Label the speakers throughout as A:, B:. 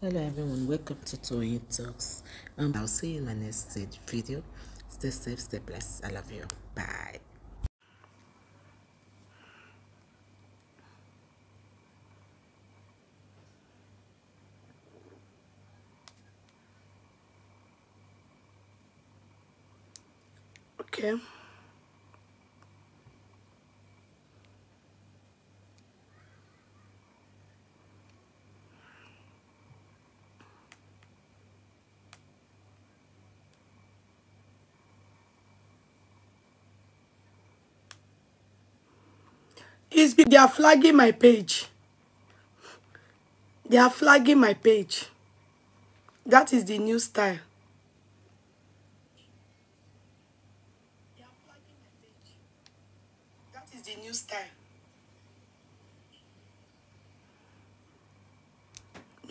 A: hello everyone welcome to Toyeen Talks um, I'll see you in my next video stay safe stay blessed I love you bye okay Facebook, they are flagging my page. They are flagging my page. That is the new style. new style.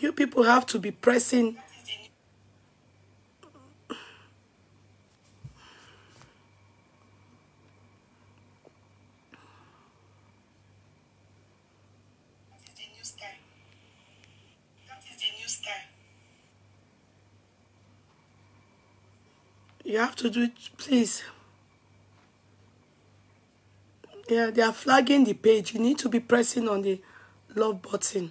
A: You people have to be pressing You have to do it, please. Yeah, they are flagging the page. You need to be pressing on the love button.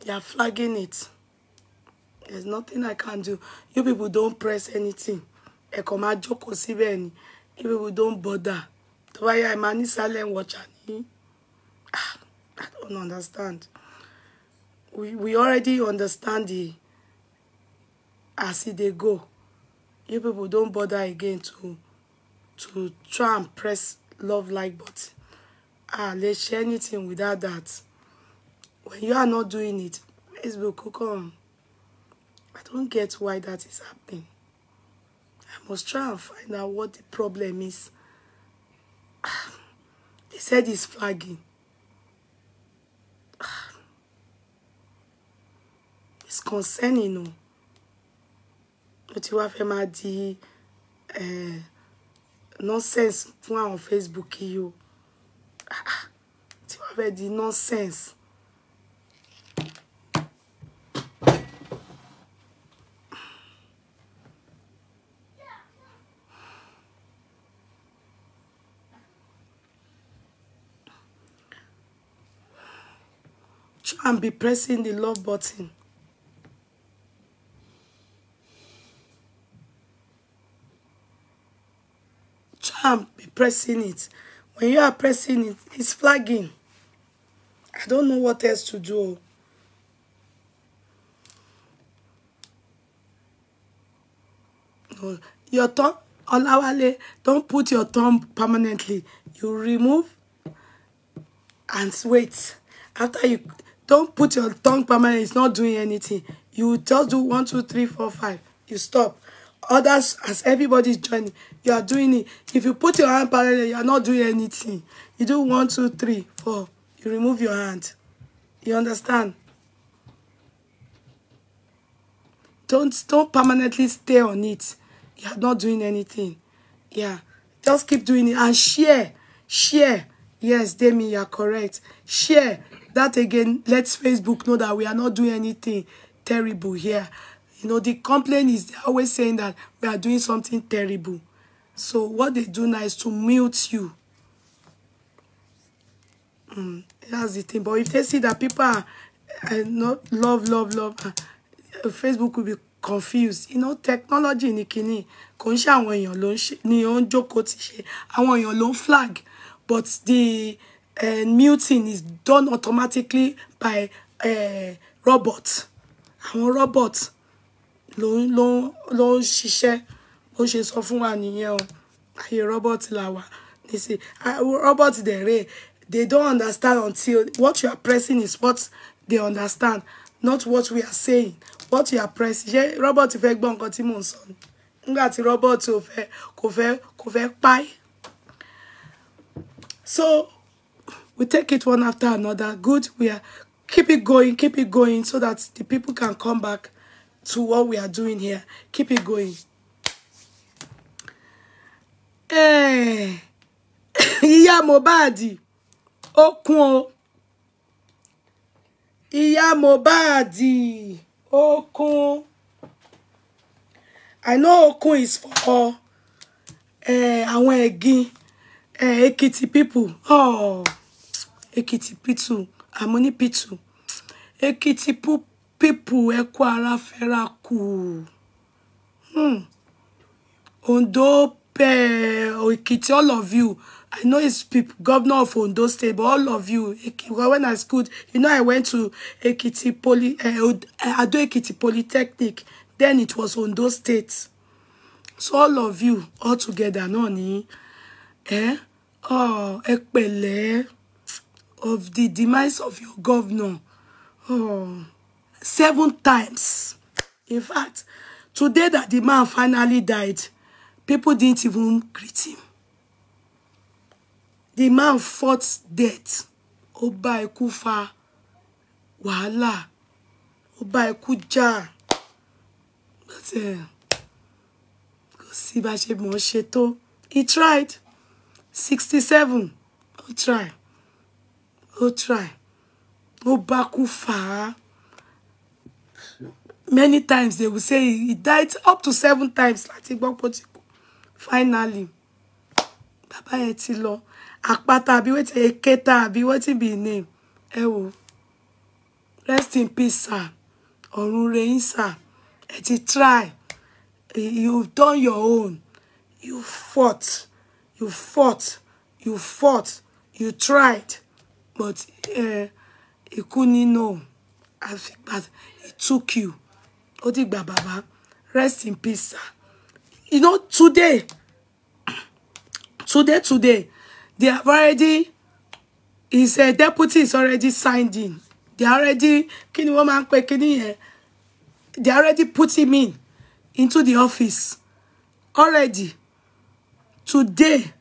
A: They are flagging it. There's nothing I can do. You people don't press anything. Ẹ kàn máa jókòó You people don't bother. Tó bá yá, ẹ ah, I don't understand. We, we already understand the as they go you people don't bother again to to try and press love like button ah let's share anything without that when you are not doing it facebook come i don't get why that is happening i must try and find out what the problem is they said it's flagging it's concerning you know ó ti wá fẹ́ máa di nonsense fún àwọn Facebook yìí o ah, ah, tí wọ́n fẹ́ di nonsense. and be pressing the love button. can't be pressing it. When you are pressing it, it's flagging. I don't know what else to do. No, your thumb, Olawale, don't put your thumb permanently. You remove and wait. After you, don't put your thumb permanently. It's not doing anything. You just do one, two, three, four, five. You stop others as everybody's joining you are doing it if you put your hand parallel you are not doing anything you do one two three four you remove your hand you understand don't don't permanently stay on it you are not doing anything yeah just keep doing it and share share yes demi you are correct share that again Let facebook know that we are not doing anything terrible here you know, the complaint is they're always saying that we are doing something terrible. So what they do now is to mute you. Mm, that's the thing. But if they see that people are, are eh, not love, love, love, uh, Facebook will be confused. You know, technology ni kini kò ń ṣe àwọn èèyàn ló ń ṣe ni ó ń jókòó ti ṣe àwọn èèyàn flag. But the uh, muting is done automatically by uh, robot. want robots ló ń ló ń ló ń ṣiṣẹ́ bó ṣe sọ fún wa nìyẹn o ayé robot là wà nísì robot dẹ̀ rè they don't understand until what you are pressing is what they understand not what we are saying what you are pressing ṣé robot fẹ́ gbọ́ nǹkan tí mò ń sọ ni nígbà tí robot ò fẹ́ kò fẹ́ kò fẹ́ páì so we take it one after another good we are keep it going keep it going so that the people can come back to what we are doing here. Keep it going. Eh, Iya Mohbad, ó kún o. Ìyá Mohbad, ó I know ó is for eh àwọn egin eh Ekiti people. Oh, Ekiti pitu, amoni pitu. Ekiti people people ẹ kú ara fẹ́ra kù hmm. Ondo pẹ́ eh, Ekiti all of you I know it's people, governor of Ondo State, but all of you, when I schooled, you know, I went to Ekiti Poly, uh, Ado Ekiti Polytechnic. Then it was Ondo State. So all of you, all together, náà ni, eh? Oh, ẹ of the demise of your governor. Oh seven times. In fact, today that the man finally died, people didn't even greet him. The man fought death. oba bá wahala, oba wàhálà. But uh, kò sí He tried. 67. Ó try. Ó try. Oba bá kú fà many times they will say he died up to seven times láti gbọ́ pé ó ti kú finally bàbá yẹn ti lọ àpáta àbí wetin èkéta àbí wetin be name ẹ wò rest in peace sir ọ̀run rẹ̀ yín sir ẹ try You done your own you fought you fought you fought you tried but eh, ikú uh, nínú àfìgbà it took you ó Baba, rest in peace sir you know today today today they have already his uh, deputy is already signed in they already kí ni wọ́n máa ń pè they already put him in into the office already today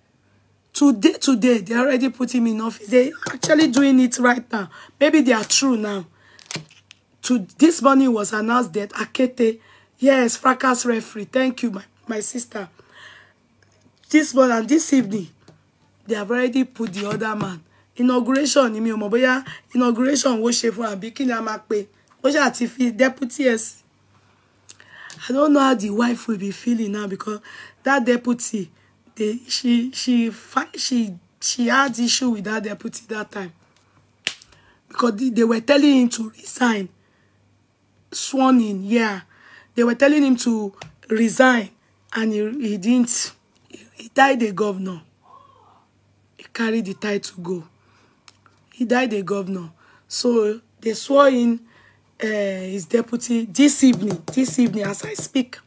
A: today today they already put him in office they actually doing it right now maybe they are true now to this morning was announced that Akete, yes, fracas referee, thank you, my, my sister. This morning and this evening, they have already put the other man. Inauguration, mi ò mọ̀ inauguration, wo and fún àbí kí a máa pè, ó ṣá deputy yes. I don't know how the wife will be feeling now because that deputy, they, she, she, she, she had issue with that deputy that time because they were telling him to resign sworn in, yeah. They were telling him to resign and he, he didn't. He, died a governor. He carried the to go. He died a governor. So they swore in uh, his deputy this evening, this evening as I speak.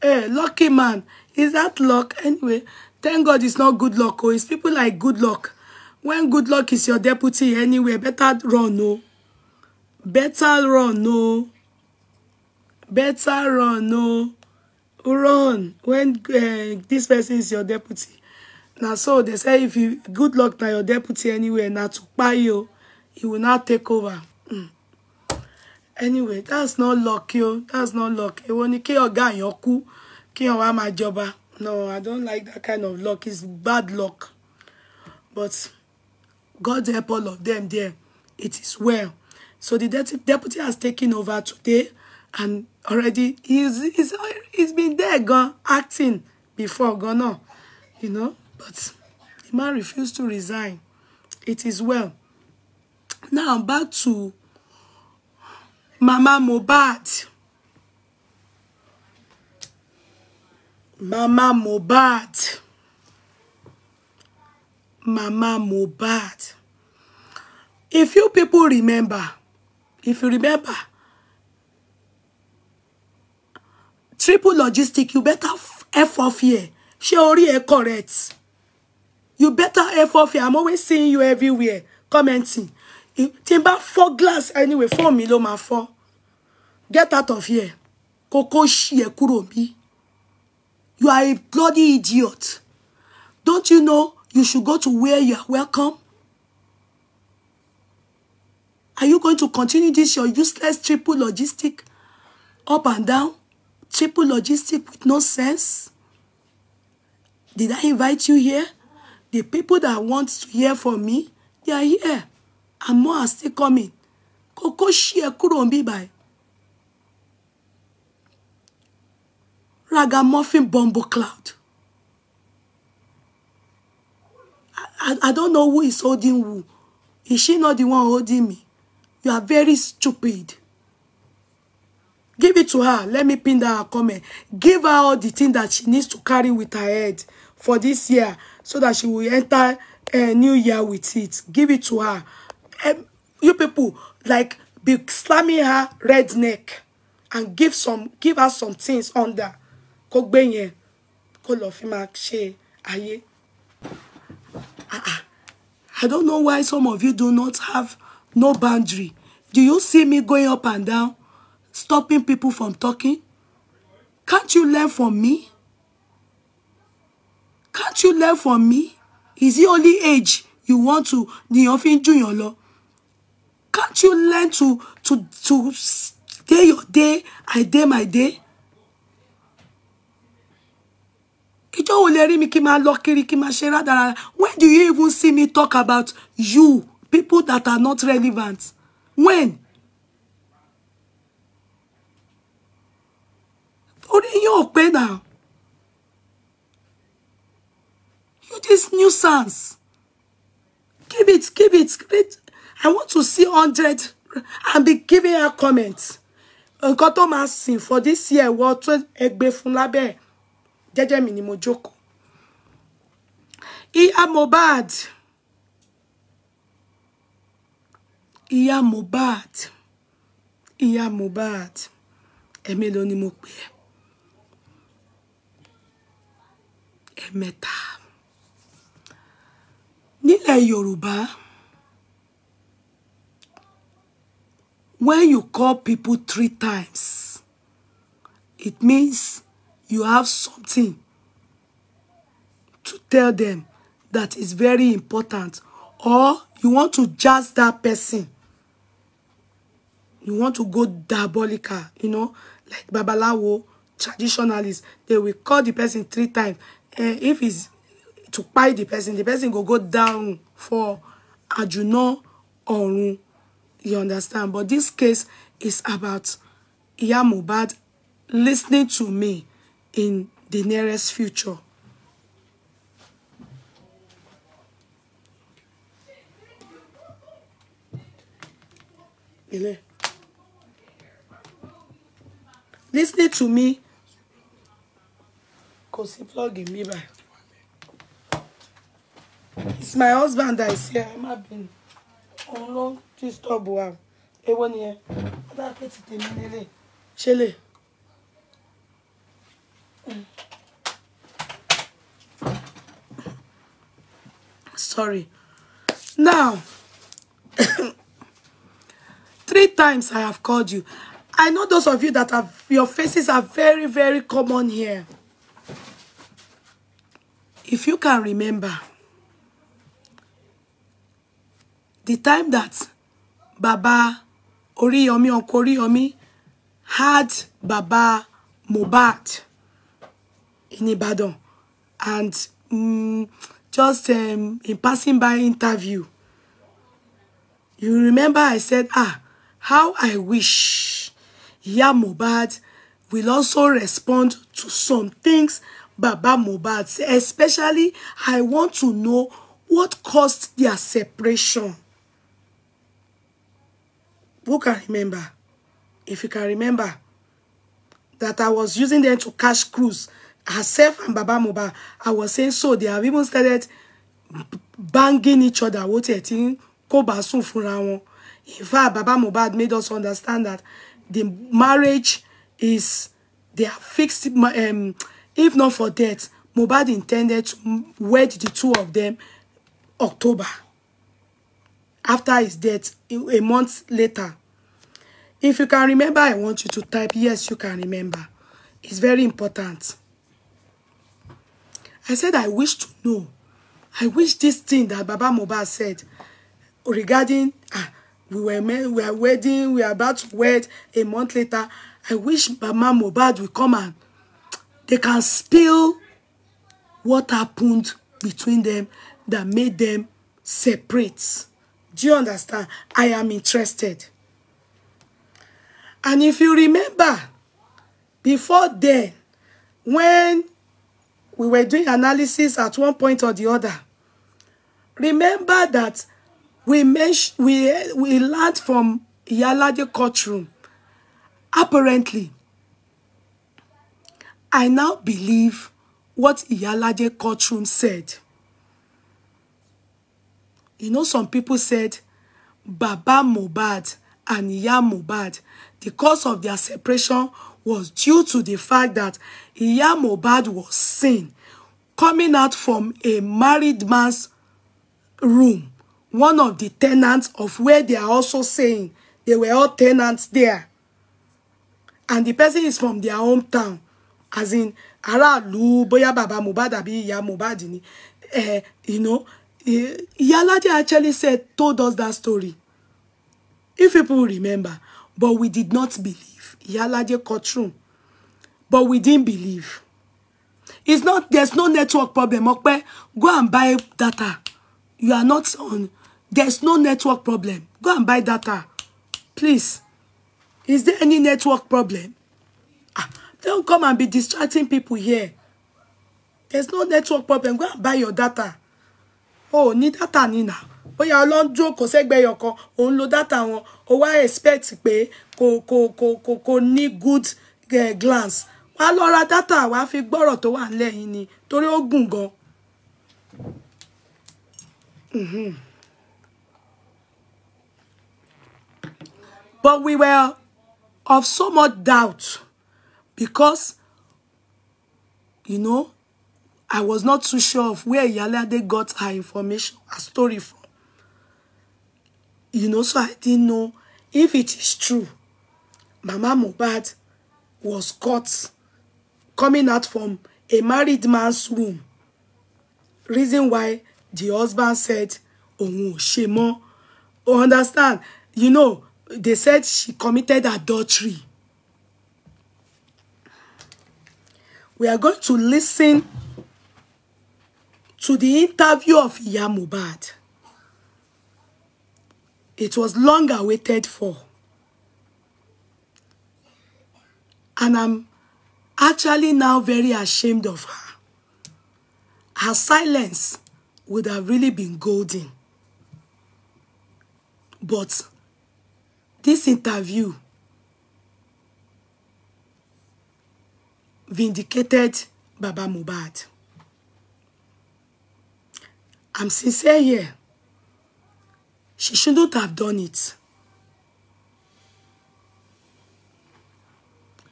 A: Hey, eh, lucky man. Is that luck? Anyway, thank God it's not good luck. Oh, it's people like good luck. When good luck is your deputy anyway, better run, no. Oh better run o better run o run when uh, this person is your deputy Now, so they say if you good luck na your deputy anywhere Now to buy you, he will now take over mm. anyway that's not luck yo that's not luck èwo ni kí ọ̀gá yan kú kí yan wá my jọba no i don't like that kind of luck it's bad luck but god help all of them there it is well So the deputy deputy has taken over today and already he's, he's, he's been there gone acting before gone on, you know. But the man refused to resign. It is well. Now I'm back to Mama Mobad. Mama Mobad. Mama Mobad. If you people remember, If you remember, triple logistic, you better F off here. She already ẹ correct. You better F off here. I'm always seeing you everywhere, commenting. Tí n bá glass anyway, four mi ló four. Get out of here. Kókó ṣì ẹ You are a bloody idiot. Don't you know you should go to where you are welcome? Are you going to continue this, your useless triple logistic? Up and down? Triple logistic with no sense? Did I invite you here? The people that want to hear from me, they are here. And more are still coming. Koko share kúrò by báyìí. Ragamuffin bumbo cloud. I, I, I don't know who is holding who. Is she not the one holding me? You are very stupid. Give it to her. Let me pin that her comment. Give her all the thing that she needs to carry with her head for this year so that she will enter a eh, new year with it. Give it to her. Um, you people, like, be slamming her red neck and give some give her some things under. Kó gbé yẹn. Kó ah, ah. I don't know why some of you do not have no boundary. Do you see me going up and down, stopping people from talking? Can't you learn from me? Can't you learn from me? Is it only age you want to ni o junior lọ? Can't you learn to to to stay your day, I day my day? Ìjọ wo mi kí máa kiri kí máa ṣe rádaràda? When do you even see me talk about you? people that are not relevant. When? Torí yín ò pé now. You this nuisance. Keep it, keep it. keep it. I want to see 100 and be giving her comments. Nǹkan tó for this year wọ́n tún ẹgbẹ́ fún lábẹ́ jẹ́jẹ́ mi ni mo jókòó. ìyá Mohbad ìyá Mohbad ẹ̀mélòó ni mo pè ẹ́ ẹ̀mẹ́ta nílẹ̀ Yorùbá when you call people three times it means you have something to tell them that is very important or you want to jazz that person you want to go diabolical, you know, like Babalawo, traditionalists, they will call the person three times. and eh, if it's to buy the person, the person go go down for Ajuno or You understand? But this case is about Iya Mohbad listening to me in the nearest future. Ele listening to me cause he plug mi báyìí it's my husband that is here I'm má bínú òun ló disturb wa èwo nìyẹn ó dá pé ti tèmi nílé ṣe lè. sorry. Now, three times I have called you. I know those of you that have, your faces are very, very common here. If you can remember, the time that Baba Oriyomi or Koriyomi had Baba Mubad in Ibadan and um, just um, in passing by interview, you remember I said, ah, how I wish Iya Mohbad will also respond to some things Baba Mohbad said. Especially, I want to know what caused their separation. Who can remember? If you can remember that I was using them to cash cruise, herself and Baba Mohbad, I was saying so. They have even started banging each other. What a thing. Kò bá In fact, Baba Mohbad made us understand that the marriage is they are fixed um, if not for death Mobad intended to wed the two of them October after his death a month later if you can remember I want you to type yes you can remember it's very important I said I wish to know I wish this thing that Baba Mobad said regarding uh, we were men, we are wedding, we are about to wed a month later. I wish Mama Mohbad will come and they can spill what happened between them that made them separate. Do you understand? I am interested. And if you remember, before then, when we were doing analysis at one point or the other, remember that we, we, we learned from Yalade courtroom. Apparently, I now believe what Yalade courtroom said. You know, some people said Baba Mobad and Iya Mobad, the cause of their separation was due to the fact that Iya Mobad was seen coming out from a married man's room one of the tenants of where they are also saying they were all tenants there. And the person is from their hometown. As in, ara Aráàlú, boya Baba mubadabi ya mubadini. Mohbad eh, you know, Iyalaje eh, actually said, told us that story. If people remember, but we did not believe. Iyalaje courtroom. But we didn't believe. It's not, there's no network problem. Okpe, go and buy data. You are not on There's no network problem. Go and buy data. Please. Is there any network problem? Ah, don't come and be distracting people here. There's no network problem. Go and buy your data. Oh, ní data ni now. Bóyá ọlọ́njọ́ kò sẹ́gbẹ́ yọkọ, òun lo data wọn, ó why expect pé kò kò kò kò kò ní good uh, glance. Wàá lọ ra data wàá fi gbọ́rọ̀ to wà nílẹ̀ yìí ni torí ó gùn gan. mm But we were of so much doubt because, you know, I was not too sure of where Yalade got her information, her story from. You know, so I didn't know if it is true. Mama Mubad was caught coming out from a married man's room. Reason why the husband said, "Oh, ò ṣe mọ́. understand? You know, they said she committed adultery. We are going to listen to the interview of Iya It was long awaited for. And I'm actually now very ashamed of her. Her silence would have really been golden. But This interview vindicated Baba Mohbad. I'm sincere here. She shouldn't have done it.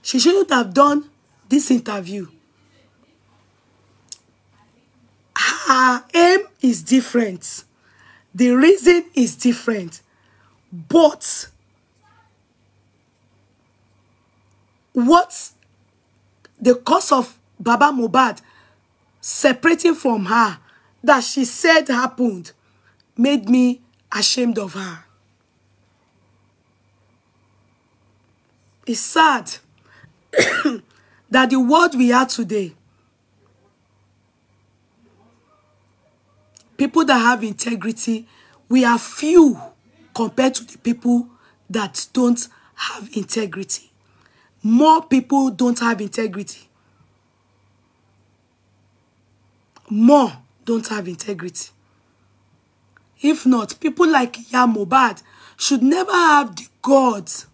A: She shouldn't have done this interview. Her aim is different. The reason is different. But what the cause of Baba Mohbad separating from her that she said happened made me ashamed of her. It's sad that the world we are today, people that have integrity, we are few compared to the people that don't have integrity more people don't have integrity. More don't have integrity. If not, people like Yamobad should never have the gods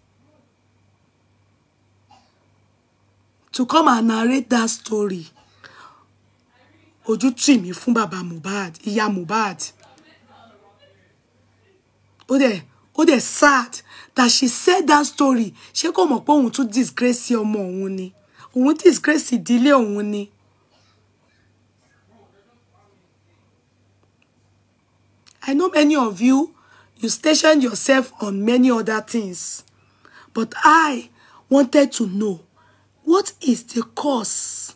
A: to come and narrate that story. Oju, tì mí fún bàbá Mohbad, ìyá Mohbad ó dẹ̀ sad that she said that story ṣé kò mọ̀ pé òun tún disgrace ọmọ òun ni òun disgrace ìdílé òun ni. I know many of you, you stationed yourself on many other things. But I wanted to know, what is the cause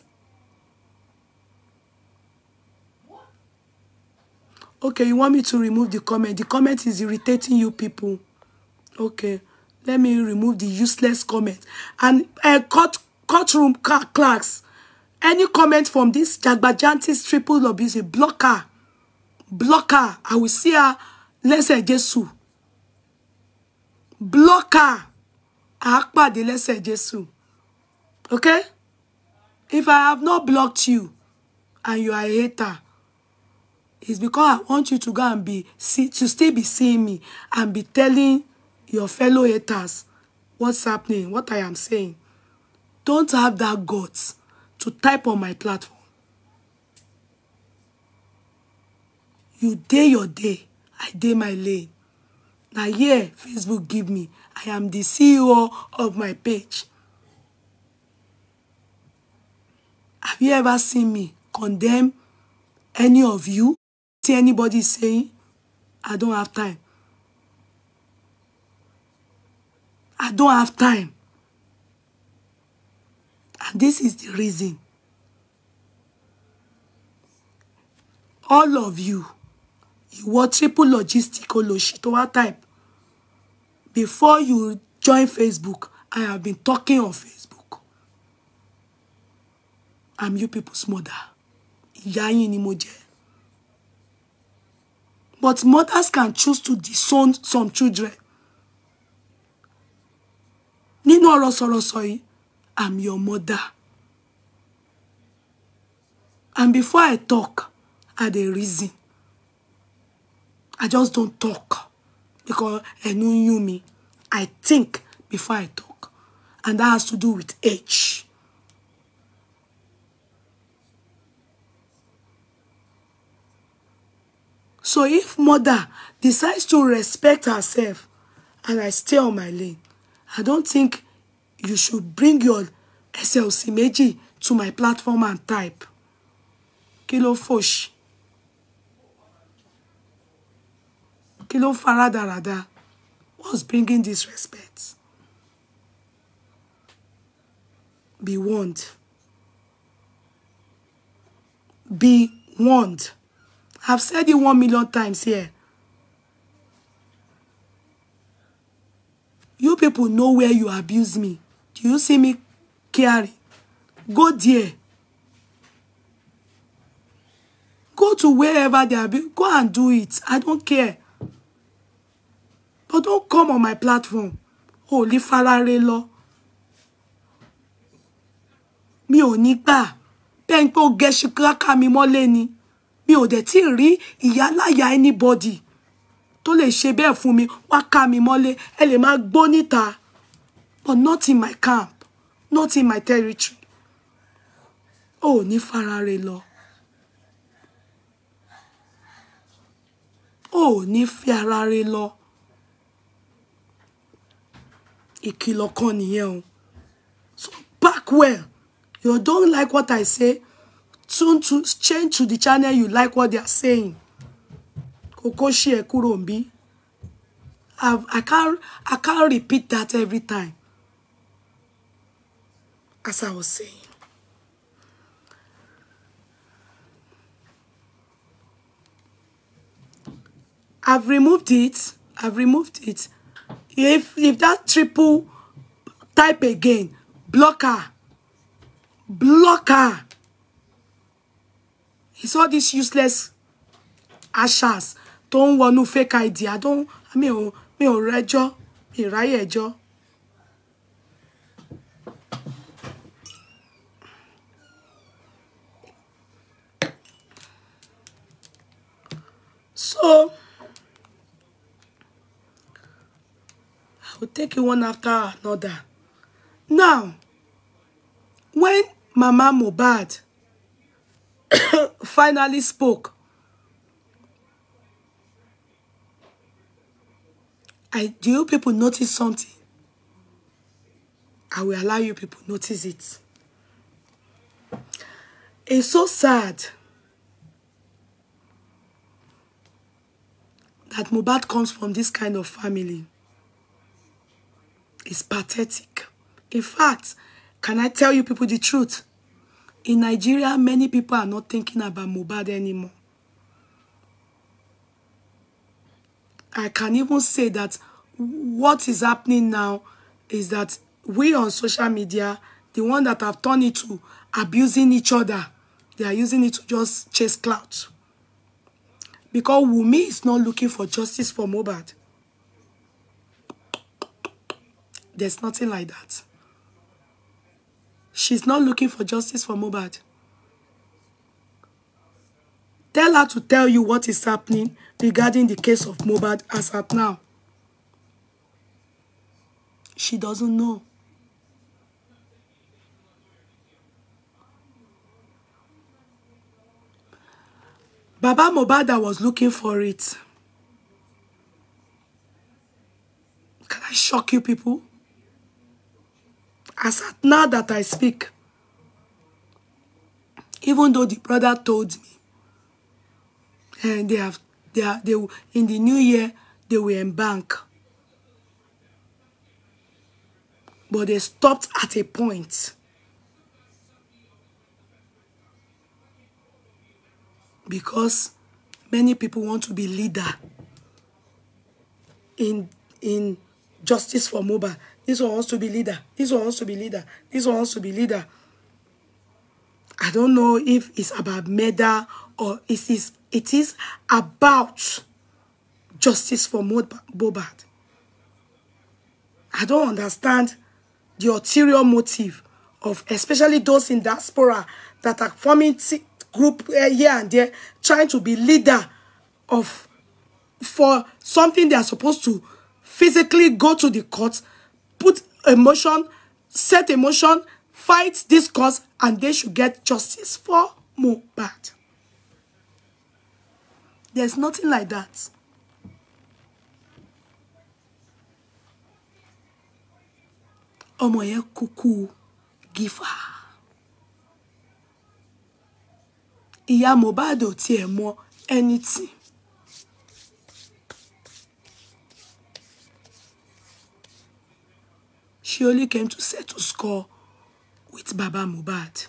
A: Okay, you want me to remove the comment? The comment is irritating you people. Okay, let me remove the useless comment. And uh, court, courtroom clerks, any comment from this Jagbajantis triple abuse, blocker, blocker, I will see her, Let's say Jésù. Blocker, a pàdé lẹ́sẹ̀ Jésù. Okay? If I have not blocked you and you are a hater, Is because I want you to go and be see to still be seeing me and be telling your fellow haters what's happening, what I am saying. Don't have that guts to type on my platform. You day your day, I day my lane. Now here, Facebook give me. I am the CEO of my page. Have you ever seen me condemn any of you? See anybody saying, I don't have time. I don't have time. And this is the reason. All of you, you ìwọ triple logistical oloshi type. Before you join Facebook, I have been talking on Facebook. I'm you people's mother. Ìyá yín But mothers can choose to disown some children. Nino ọ̀rọ̀ sọ̀rọ̀sọ̀ yìí, I'm your mother. And before I talk, I dey reason. I just don't talk because I know you me. I think before I talk. And that has to do with age. So if mother decides to respect herself and I stay on my lane, I don't think you should bring your SLC méjì to my platform and type. Kilo ló kilo Kí ló faradarada? What's bringing disrespect? Be warned. Be warned. I've said it one million times here. You people know where you abuse me. Do you see me caring? Go there. Go to wherever they abuse. Go and do it. I don't care. But don't come on my platform. Holy Lifarare law. Mi ò ní gbà. Pen ko mi ò dẹ̀ tí ì rí ìyáláyà anybody tó lè ṣe bẹ́ẹ̀ fún mi wá ká mi mọ́lé ẹ lè máa gbọ́ níta but not in my camp not in my territory ò ní farare lọ ò ní fi arare lọ ìkìlọ̀ kan nìyẹn o so back well you don't like what I say tune to change to the channel you like what they are saying Kokoshi ṣí ẹ I can't I can't repeat that every time as I was saying. I've removed it. I've removed it. If if that triple type again, blocker. Blocker. It's all these useless ashes. Don't want no fake idea. I don't, mi ò, mi ò rẹ́jọ́, mi ráyè ẹjọ́. So, I will take it one after another. Now, when Mama Mohbad finally spoke. I, do you people notice something? I will allow you people notice it. It's so sad that Mubad comes from this kind of family. It's pathetic. In fact, can I tell you people the truth? In Nigeria, many people are not thinking about Mohbad anymore. I can even say that what is happening now is that we on social media, the one that have turned it to abusing each other, they are using it to just chase clout. Because Wumi is not looking for justice for Mohbad. There's nothing like that. She's not looking for justice for Mobad. Tell her to tell you what is happening regarding the case of Mobad as at now. She doesn't know. Baba Mobada was looking for it. Can I shock you people? As at now that I speak, even though the brother told me, and eh, they have, they are, they in the new year they will embank, but they stopped at a point. because many people want to be leader in in justice for mobile This one wants to be leader. This one wants to be leader. This one wants to be leader. I don't know if it's about murder or it is, it is about justice for Bobad. I don't understand the ulterior motive of especially those in diaspora that are forming group eh, here and there trying to be leader of for something they are supposed to physically go to the court emotion, set emotion, fight this cause, and they should get justice for Mohbad. There's nothing like that. ọmọ yẹn gifa. Iya ìyá Mohbad ò anything Akioli came to settle score with Baba Mohbad.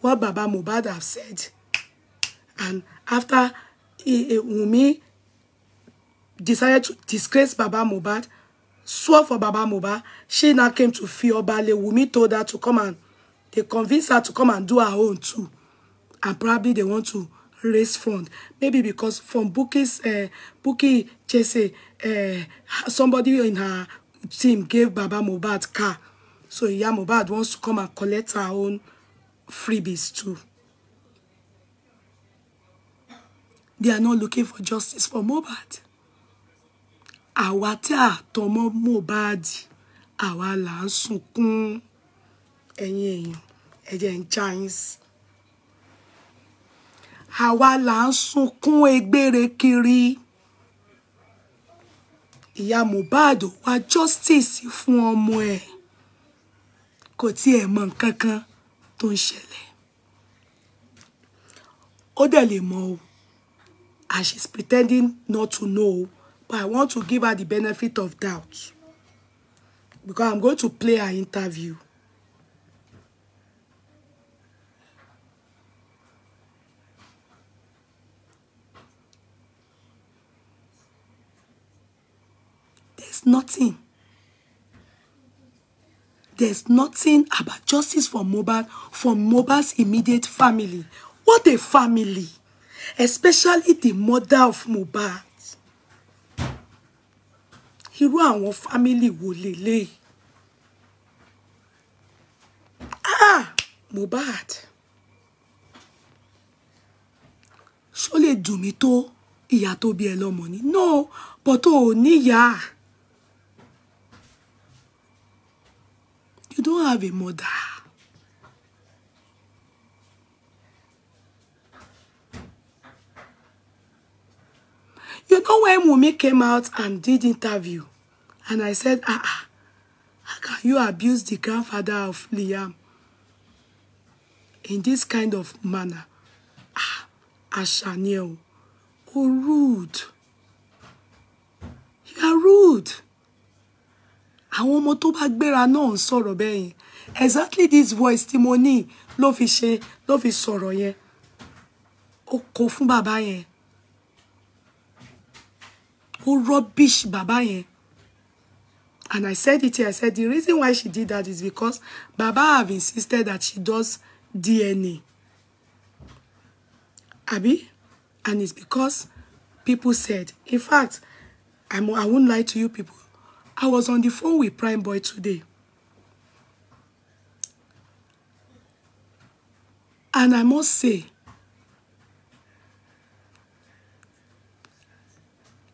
A: What Baba Mohbad have said. And after Wunmi decided to disgrace Baba Mohbad, swore for Baba Mohbad, she now came to Fiobale. Wunmi told her to come and, they convinced her to come and do her own too. And probably they want to raise fund. Maybe because from Buki's, uh, Buki Jesse, uh, somebody in her team gave Baba Mobad car. So Iya Mohbad wants to come and collect her own freebies too. They are not looking for justice for Mobad. Àwa tí a tọmọ Mohbad, àwa là ń sunkún ẹ̀yin èèyàn, ẹ̀jẹ̀ ń já sukun sí. Àwa kiri ìyá Mohbad wá justice fún ọmọ ẹ̀ kò tiẹ̀ mọ nǹkan kan tó ń ṣẹlẹ̀ ó dẹ̀ lè mọ̀ o and she's pretending not to know but I want to give her the benefit of doubt because I'm going to play her interview. nothing. There's nothing about justice for Mohbad, for Mohbad's immediate family. What a family! Especially the mother of Mohbad. Irú àwọn family wo lélẹ̀? Ah! Mohbad. Surely, lè dùn mí tó ìyá tó bí ẹ lọ́mọ ni? No, but o ò níyàá. You don't have a mother. You know when Wunmi came out and did interview, and I said, ah, ah, how can you abuse the grandfather of Liam in this kind of manner? Ah, Ashaniel, oh rude. You are rude àwọn ọmọ tó bá gbéra náà ń sọ̀rọ̀ bẹ́ẹ̀ yẹn exactly this voice tí mo ní ló fi ṣe ló fi sọ̀rọ̀ yẹn ó kó fún bàbá yẹn ó rubbish bàbá yẹn and I said it here I said the reason why she did that is because baba have insisted that she does DNA abi and it's because people said in fact I'm, I won't lie to you people I was on the phone with Prime Boy today. And I must say,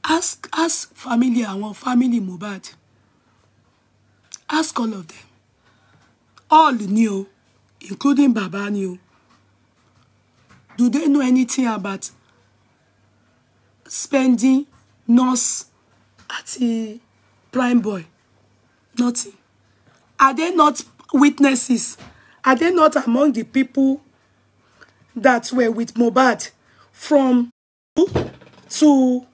A: ask ask family àwọn family Mohbad ask all of them all ni o including baba ni do they know anything about spending nurse àti prime boy nothing are they not witnesses are they not among the people that were with Mohbad from to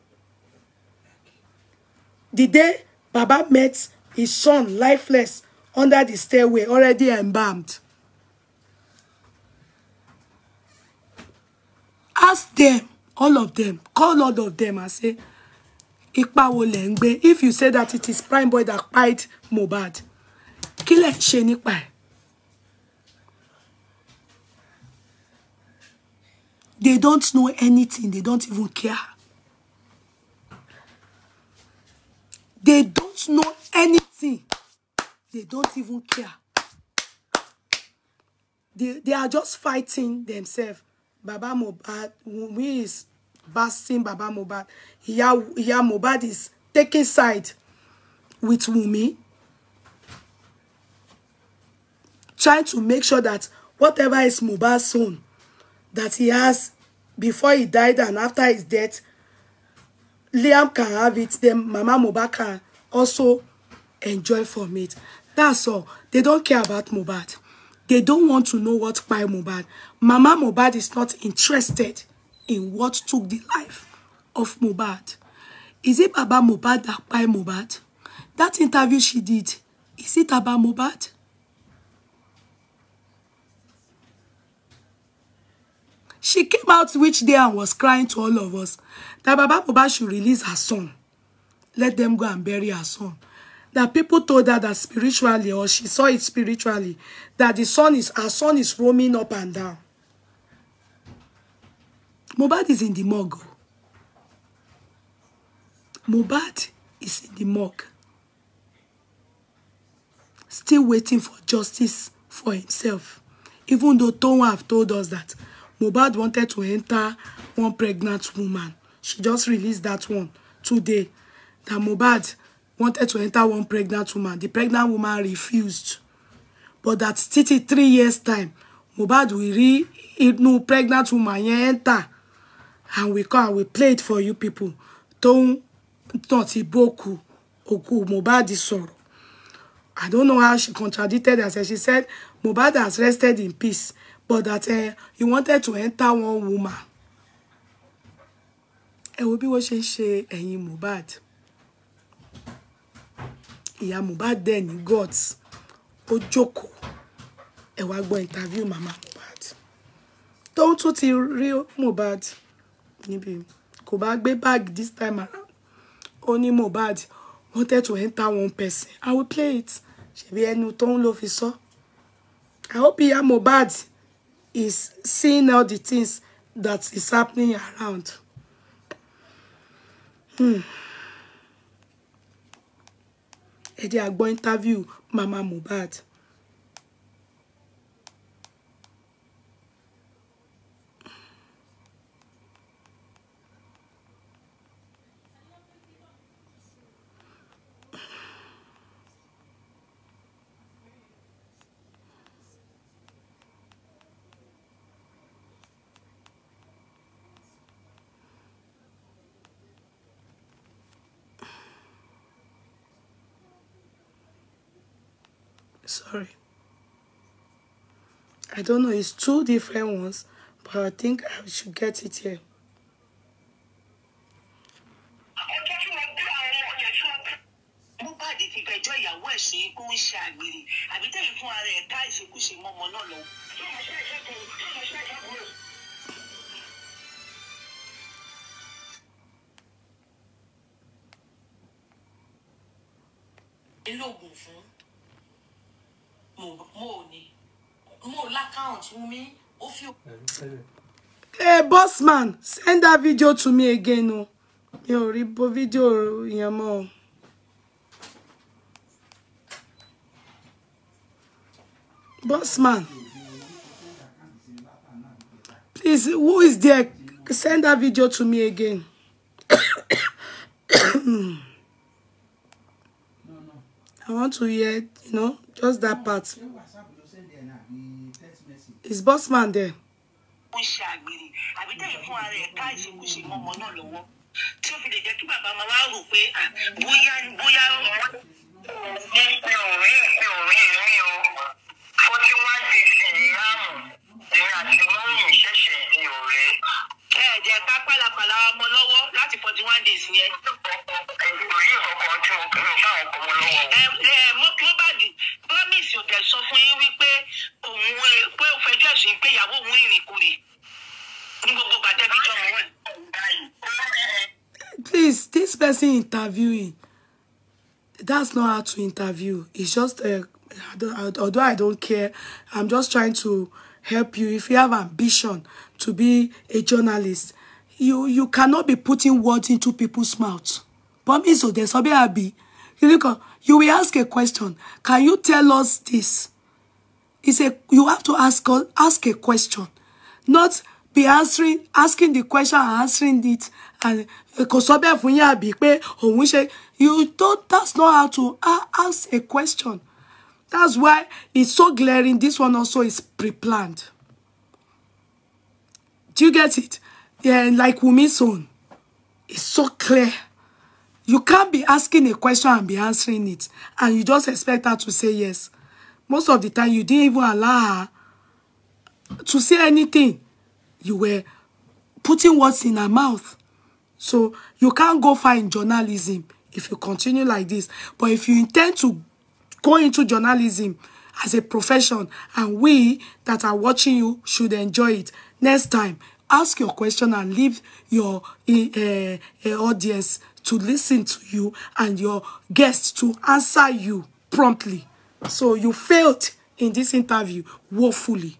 A: the day Baba met his son lifeless under the stairway already embalmed ask them all of them call all of them and say ipa wo lẹ̀ ń gbé if you say that it is prime boy that fight, Mohbad kí lẹ̀ ń ṣe nípa ẹ̀ they don't know anything they don't even care they don't know anything they don't even care they, they are just fighting themselves Baba Mohbad who is basing Baba Mohbad. Iya, Iya Mohbad is taking side with Wumi, Trying to make sure that whatever is Mohbad's son that he has before he died and after his death, Liam can have it, then Mama Mohbad can also enjoy from it. That's all. They don't care about Mohbad. They don't want to know what by Mohbad. Mama Mohbad is not interested in what took the life of Mohbad. Is it Baba Mohbad that by Mohbad? That interview she did, is it about Mohbad? She came out which day and was crying to all of us that Baba Mohbad should release her son. Let them go and bury her son. That people told her that spiritually, or she saw it spiritually, that the son is her son is roaming up and down. Mobad is in the mug. Mobad is in the mug, Still waiting for justice for himself. Even though Towa have told us that Mobad wanted to enter one pregnant woman. She just released that one today. That Mobad wanted to enter one pregnant woman. The pregnant woman refused. But that 33 years time, Mobad will re no pregnant woman enter and we come and we play it for you people Don't not ti bó òkú òkú I don't know how she contradicted herself she said Mubad has rested in peace but that uh, eh, he wanted to enter one woman ẹ will be wọ́n she ń ṣe ẹ̀yìn Mohbad ìyá Mohbad dẹ̀ ní gods ó jókòó ẹ wá gbọ́ interview mama Mohbad don't tún ti rí Mubad níbi kò bá gbé báàgì this time around ó ní Mohbad wanted to enter one person i will play it ṣebí ẹnu tóun ló fi sọ i hope ìyá Mohbad is seeing all the things that is happening around. Hmm ẹ jẹ́ a gbọ́ interview mama Mohbad. sorry I don't know it's two different ones but I think I should get it here woman send that video to me again oh! mi repo video yẹn mọ́ o. Bossman, please, who is there? Send that video to me again. I want to hear, you know, just that part. Is boss man there? lè fún ara ẹ̀ ká ìṣekúṣe ọmọ náà lọ́wọ́ tí ó fi lè jẹ́ kí bàbá máa wá rò pé bóyá bóyá ọ̀rọ̀ ní ìpè ọ̀rẹ́ ìpè ọ̀rẹ́ mi o forty one days ìyáàmù èmi àti mọ́mí ṣẹ̀ṣẹ̀ di ọ̀rẹ́. ẹ jẹ́ ká pàlàpàlà ọmọ lọ́wọ́ láti forty one days yẹn. ìròyìn kankan tí mo kí n bá ọkọ mọ lọ́wọ́. ẹ ẹ Mohbad promise ò dẹ̀ sọ fún yín wípé òun pé òun fẹjọ́ ẹ̀sùn pé ìyàwó òun ìrìnkùnrin. Please, this person interviewing, that's not how to interview. It's just, uh, I don't, although I don't care, I'm just trying to help you. If you have ambition to be a journalist, you you cannot be putting words into people's mouths. Promise there's something happy. You will ask a question. Can you tell us this? It's a you have to ask ask a question, not be answering asking the question and answering it and eh, kò sọ bẹ́ẹ̀ fún yín àbí pé òun ṣe you don't that's not how to ask a question that's why it's so glaring this one also is pre-planned do you get it yeah, like Wumi own it's so clear you can't be asking a question and be answering it and you just expect her to say yes most of the time you didn't even allow her to say anything you were putting words in her mouth. So you can't go far in journalism if you continue like this. But if you intend to go into journalism as a profession, and we that are watching you should enjoy it. Next time, ask your question and leave your uh, audience to listen to you and your guests to answer you promptly. So you failed in this interview woefully.